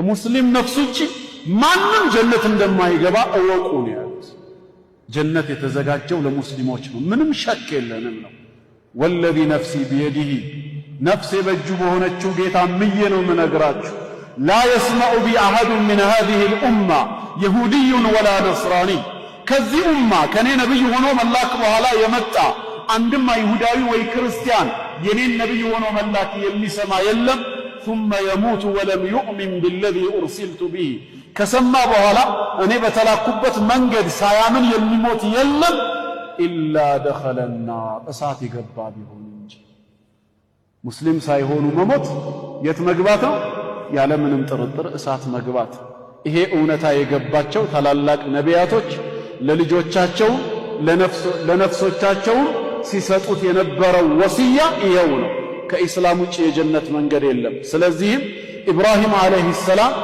ከሙስሊም ነፍስ ውጭ ማንም ጀነት እንደማይገባ እወቁ ነው ያሉት። ጀነት የተዘጋጀው ለሙስሊሞች ነው፣ ምንም ሸክ የለንም ነው። ወለዚ ነፍሲ ቢየዲህ ነፍሴ በእጁ በሆነችው ጌታ ምዬ ነው ምነግራችሁ። ላ የስመዑ ቢ አሐዱ ምን ሃዚህ ልኡማ የሁድዩን ወላ ነስራኒ ከዚህ ኡማ ከእኔ ነቢይ ሆኖ መላክ በኋላ የመጣ አንድም አይሁዳዊ ወይ ክርስቲያን የኔን ነቢይ ሆኖ መላክ የሚሰማ የለም ثم يموت ወለም يؤምን بالذي أرسلت به ከሰማ በኋላ እኔ በተላኩበት መንገድ ሳያምን የሚሞት የለም ኢላ ደኸለ ናር እሳት የገባ ቢሆን እንጂ ሙስሊም ሳይሆኑ መሞት የት መግባት ነው? ያለምንም ጥርጥር እሳት መግባት። ይሄ እውነታ የገባቸው ታላላቅ ነቢያቶች ለልጆቻቸው ለነፍሶቻቸውም ሲሰጡት የነበረው ወስያ ይኸው ነው። ከኢስላም ውጭ የጀነት መንገድ የለም። ስለዚህም ኢብራሂም ዓለይህ ሰላም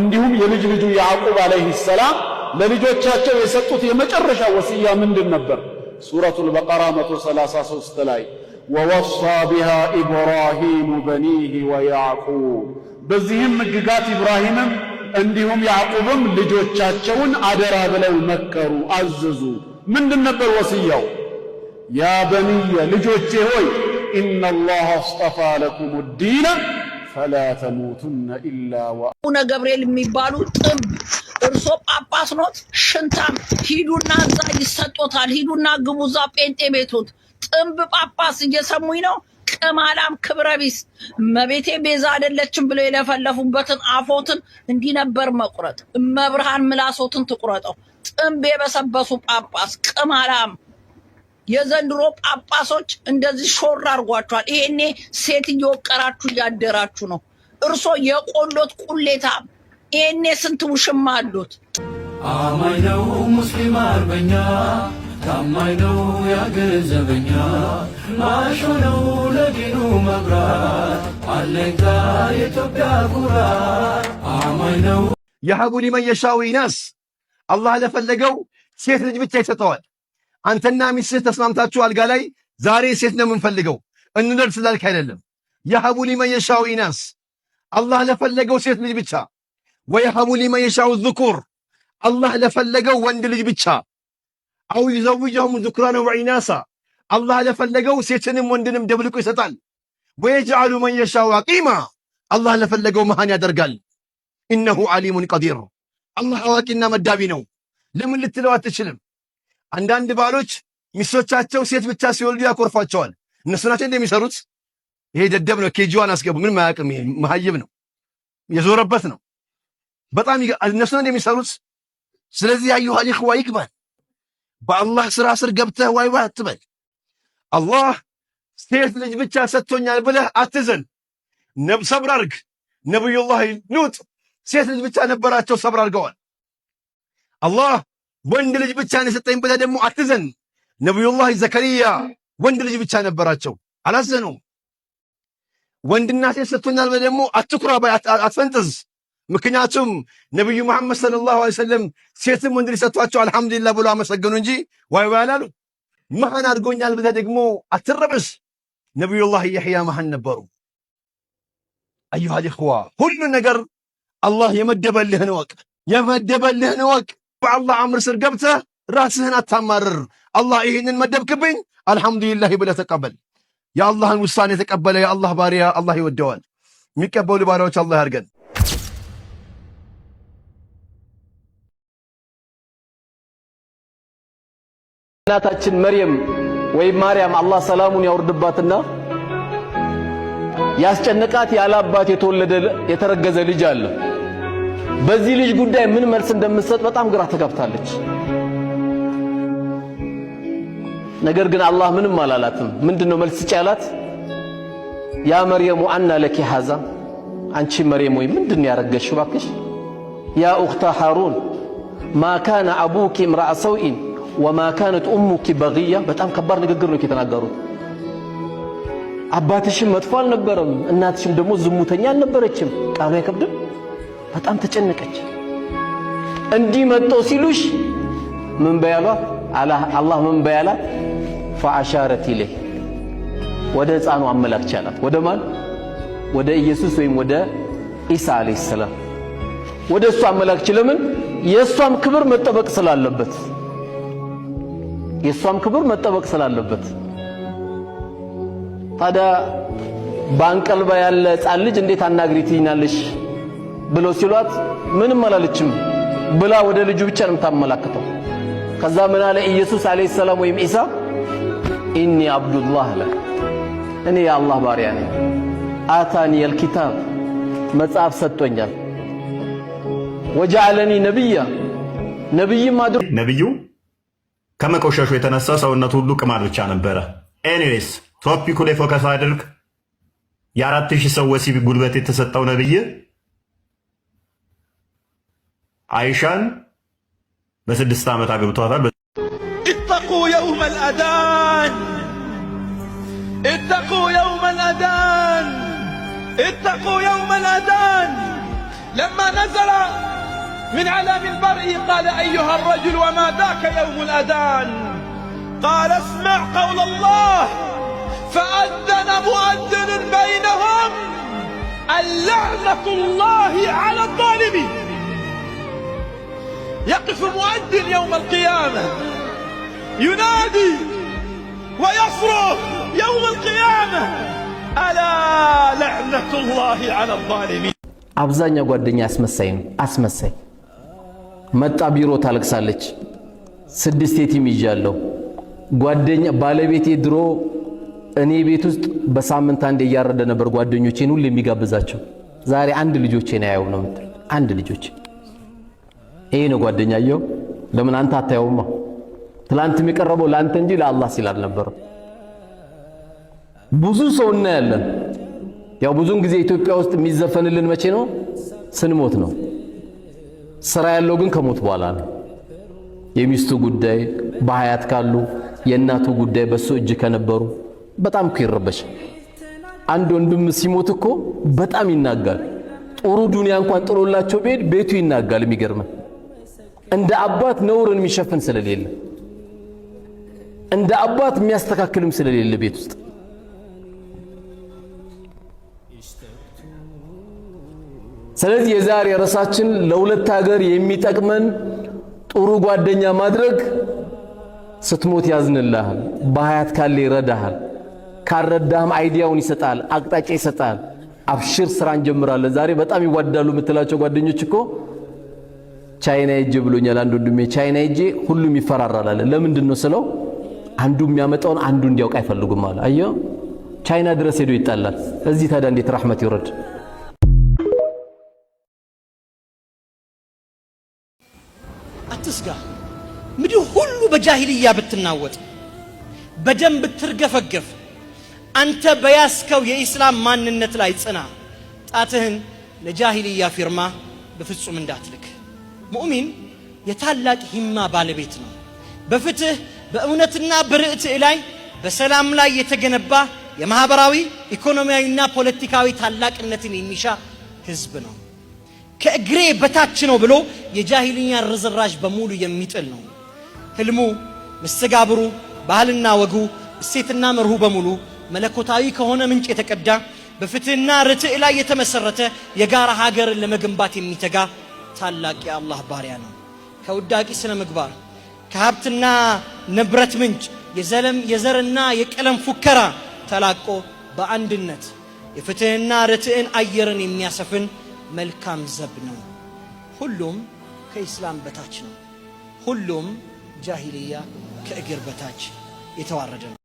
እንዲሁም የልጅ ልጁ ያዕቁብ ዓለይህ ሰላም ለልጆቻቸው የሰጡት የመጨረሻ ወስያ ምንድን ነበር? ሱረቱል በቀራ 133 ላይ ወወሳ ቢሃ ኢብራሂሙ በኒህ ወያዕቁብ። በዚህም ሕግጋት ኢብራሂምም እንዲሁም ያዕቁብም ልጆቻቸውን አደራ ብለው መከሩ፣ አዘዙ። ምንድን ነበር ወስያው? ያ በኒየ ልጆቼ ሆይ ኢነላሃ አላህ አስጠፋ ለኩም ዲነ ፈላ ተሙቱነ ኢላ አቡነ ገብርኤል የሚባሉ ጥንብ እርሶ ጳጳስ ኖት፣ ሽንታም ሂዱና እዛ ይሰጦታል። ሂዱና ግቡ እዛ ጴንጤ ቤቶት ጥንብ ጳጳስ እየሰሙኝ ነው። ቅማላም ክብረቢስ መቤቴ ቤዛ አይደለችም ብሎ የለፈለፉበትን አፎትን እንዲህ ነበር መቁረጥ። መብርሃን ምላሶትን ትቁረጠው። ጥንብ የበሰበሱ ጳጳስ ቅማላም የዘንድሮ ጳጳሶች እንደዚህ ሾር አድርጓቸዋል። ይሄኔ ሴት እየወቀራችሁ እያደራችሁ ነው። እርሶ የቆሎት ቁሌታ፣ ይሄኔ ስንት ውሽማ አሉት። አማኝ ነው ሙስሊም አርበኛ፣ ታማኝ ነው የአገር ዘበኛ፣ ማሾ ነው ለዲኑ መብራት፣ አለንጋ የኢትዮጵያ ኩራት። አማኝ ነው የሀቡ መየሻዊ የሻዊ ነስ አላህ ለፈለገው ሴት ልጅ ብቻ ይሰጠዋል። አንተና ሚስትህ ተስማምታችሁ አልጋ ላይ ዛሬ ሴት ነው የምንፈልገው እንውለድ ስላልክ አይደለም። የሀቡ ሊመን ኢናስ አላህ ለፈለገው ሴት ልጅ ብቻ፣ ወየሀቡ ሊመን ዝኩር አላህ ለፈለገው ወንድ ልጅ ብቻ። አው ይዘውጀሁም ዙኩራነ ወኢናሳ አላህ ለፈለገው ሴትንም ወንድንም ደብልቆ ይሰጣል። ወየጅዓሉ መን የሻው አቂማ አላህ ለፈለገው መሃን ያደርጋል። ኢነሁ ዓሊሙን ቀዲር አላህ አዋቂና መዳቢ ነው። ለምን ልትለው አትችልም? አንዳንድ ባሎች ሚስቶቻቸው ሴት ብቻ ሲወልዱ ያኮርፏቸዋል። እነሱ ናቸው እንደሚሰሩት። ይሄ ደደብ ነው። ኬጂዋን አስገቡ። ምንም አያውቅም። ይሄ መሀይብ ነው፣ የዞረበት ነው። በጣም እነሱ እንደሚሰሩት። ስለዚህ ያዩሃ ኢኽዋ ይግባል። በአላህ ስራ ስር ገብተህ ዋይ ዋይ አትበል። አላህ ሴት ልጅ ብቻ ሰጥቶኛል ብለህ አትዘን። ሰብር አርግ። ነቢዩላህ ሉጥ ሴት ልጅ ብቻ ነበራቸው፣ ሰብር አርገዋል። አላህ ወንድ ልጅ ብቻ ነው የሰጠኝ ብለህ ደግሞ አትዘን። ነቢዩላህ ዘከሪያ ወንድ ልጅ ብቻ ነበራቸው፣ አላዘኑም። ወንድና ሴት ሰጥቶኛል ብለህ ደግሞ አትኩራ፣ አትፈንጥዝ። ምክንያቱም ነቢዩ መሐመድ ሰለላሁ ዐለይሂ ወሰለም ሴትም ወንድ ልጅ አልሐምዱሊላህ ብሎ አመሰገኑ እንጂ ዋይ ዋይ አላሉ። መሃን አድርጎኛል ብለህ ደግሞ አትረብስ። ነቢዩላህ ያህያ መሃን ነበሩ። አዩሃ ልእኽዋ ሁሉ ነገር አላህ የመደበልህን ወቅ የመደበልህን ወቅ በአላህ አምር ስር ገብተህ ራስህን አታማርር። አላህ ይህንን መደብክብኝ አልሐምዱሊላህ ብለህ ተቀበል። የአላህን ውሳኔ የተቀበለ የአላህ ባሪያ አላህ ይወደዋል። የሚቀበሉ ባሪያዎች አላህ ያድርገን። እናታችን መርየም ወይም ማርያም አላህ ሰላሙን ያወርድባትና ያስጨነቃት ያለ አባት የተወለደ የተረገዘ ልጅ አለ በዚህ ልጅ ጉዳይ ምን መልስ እንደምትሰጥ በጣም ግራ ተጋብታለች። ነገር ግን አላህ ምንም አላላትም። ምንድነው መልስ ጫላት? ያ መርየሙ አና ለኪ ሐዛ አንቺ መርየም ወይ ምንድነው ያረገሽው ባክሽ? ያ ኡኽተ ሐሩን ማ ካነ አቡኪ ምራአ ሰውኢን ወማ ካነት ኡሙኪ በግያ። በጣም ከባድ ንግግር ነው የተናገሩት። አባትሽም መጥፎ አልነበረም፣ እናትሽም ደግሞ ዝሙተኛ አልነበረችም። ቃሉ አይከብድም? በጣም ተጨነቀች። እንዲህ መጦ ሲሉሽ ምን በያሏ? አላህ ምን በያላት? ፈአሻረት ኢለይህ ወደ ሕፃኑ አመላክቻ አላት። ወደ ማን? ወደ ኢየሱስ ወይም ወደ ኢሳ ዓለይሂ ሰላም ወደ እሱ አመላክች። ለምን? የእሷም ክብር መጠበቅ ስላለበት የእሷም ክብር መጠበቅ ስላለበት። ታዲያ በአንቀልባ ያለ ህፃን ልጅ እንዴት አናግሪ ትይናለሽ? ብለው ሲሏት ምንም አላለችም ብላ ወደ ልጁ ብቻ ነው የምታመላክተው። ከዛ ምን አለ ኢየሱስ አለይሂ ሰላም ወይም ኢሳ ኢኒ አብዱላህ አለ፣ እኔ የአላህ ባሪያ ነኝ። አታኒ አልኪታብ መጽሐፍ ሰጥቶኛል። ወጀዐለኒ ነብያ ነብይም አድሮ ነብዩ ከመቆሸሹ የተነሳ ሰውነቱ ሁሉ ቅማል ብቻ ነበረ። ኤኒዌይስ ቶፒኩ ላይ ፎከስ አድርግ። የአራት ሺህ ሰው ወሲብ ጉልበት የተሰጠው ነብይ عائشان بس تامة عقب طهران بس اتقوا يوم الأذان اتقوا يوم الأذان اتقوا يوم الأذان لما نزل من على منبر قال أيها الرجل وما ذاك يوم الأذان قال اسمع قول الله فأذن مؤذن بينهم اللعنة الله على الظالمين يقف مؤذن يوم القيامة ينادي ويصرخ يوم القيامة ألا لعنة الله على الظالمين አብዛኛው ጓደኛ አስመሳይ ነው። አስመሳይ መጣ ቢሮ ታለቅሳለች። ስድስት ቲም ይዣለሁ። ጓደኛ ባለቤቴ ድሮ እኔ ቤት ውስጥ በሳምንት አንዴ እያረደ ነበር ጓደኞቼን ሁሉ የሚጋብዛቸው። ዛሬ አንድ ልጆቼን አያዩም ነው የምትል አንድ ልጆቼ ይሄ ነው ጓደኛየው። ለምን አንተ አታየውማ? ትላንት የቀረበው ለአንተ እንጂ ለአላህ ሲል አልነበረም። ብዙ ሰው እናያለን። ያው ብዙን ጊዜ ኢትዮጵያ ውስጥ የሚዘፈንልን መቼ ነው? ስንሞት ነው። ስራ ያለው ግን ከሞት በኋላ ነው። የሚስቱ ጉዳይ በሀያት ካሉ የእናቱ ጉዳይ በሱ እጅ ከነበሩ በጣም እኮ ይረበሻል። አንድ ወንድም ሲሞት እኮ በጣም ይናጋል። ጥሩ ዱንያ እንኳን ጥሎላቸው ቤት ቤቱ ይናጋል። የሚገርመን እንደ አባት ነውርን የሚሸፍን ስለሌለ እንደ አባት የሚያስተካክልም ስለሌለ ቤት ውስጥ ስለዚህ የዛሬ ርዕሳችን ለሁለት ሀገር የሚጠቅመን ጥሩ ጓደኛ ማድረግ ስትሞት ያዝንልሃል፣ በሀያት ካለ ይረዳሃል፣ ካረዳህም አይዲያውን ይሰጣል፣ አቅጣጫ ይሰጣል። አብሽር ስራ እንጀምራለን ዛሬ በጣም ይዋዳሉ የምትላቸው ጓደኞች እኮ ቻይና ሂጄ ብሎኛል አንድ ወንድሜ። ቻይና ሂጄ ሁሉም ይፈራራላል። ለምንድን ነው ስለው አንዱ የሚያመጣውን አንዱ እንዲያውቅ አይፈልጉም አለ። አየሁ ቻይና ድረስ ሄዶ ይጣላል። እዚህ ታዲያ እንዴት ረሕመት ይውረድ? አትስጋ። ምድር ሁሉ በጃሂልያ ብትናወጥ፣ በደም ብትርገፈገፍ፣ አንተ በያስከው የኢስላም ማንነት ላይ ጽና። ጣትህን ለጃሂልያ ፊርማ በፍጹም እንዳትልክ። ሙእሚን የታላቅ ሂማ ባለቤት ነው። በፍትህ በእውነትና በርዕትዕ ላይ በሰላም ላይ የተገነባ የማህበራዊ ኢኮኖሚያዊና ፖለቲካዊ ታላቅነትን የሚሻ ህዝብ ነው። ከእግሬ በታች ነው ብሎ የጃሂልኛ ርዝራዥ በሙሉ የሚጥል ነው። ህልሙ፣ መስተጋብሩ፣ ባህልና ወጉ፣ እሴትና መርሁ በሙሉ መለኮታዊ ከሆነ ምንጭ የተቀዳ በፍትህና ርትዕ ላይ የተመሰረተ የጋራ ሀገርን ለመገንባት የሚተጋ ታላቅ የአላህ ባሪያ ነው። ከውዳቂ ስነ ምግባር፣ ከሀብትና ንብረት ምንጭ የዘርና የቀለም ፉከራ ተላቆ በአንድነት የፍትህና ርትዕን አየርን የሚያሰፍን መልካም ዘብ ነው። ሁሉም ከኢስላም በታች ነው። ሁሉም ጃሂልያ ከእግር በታች የተዋረደ ነው።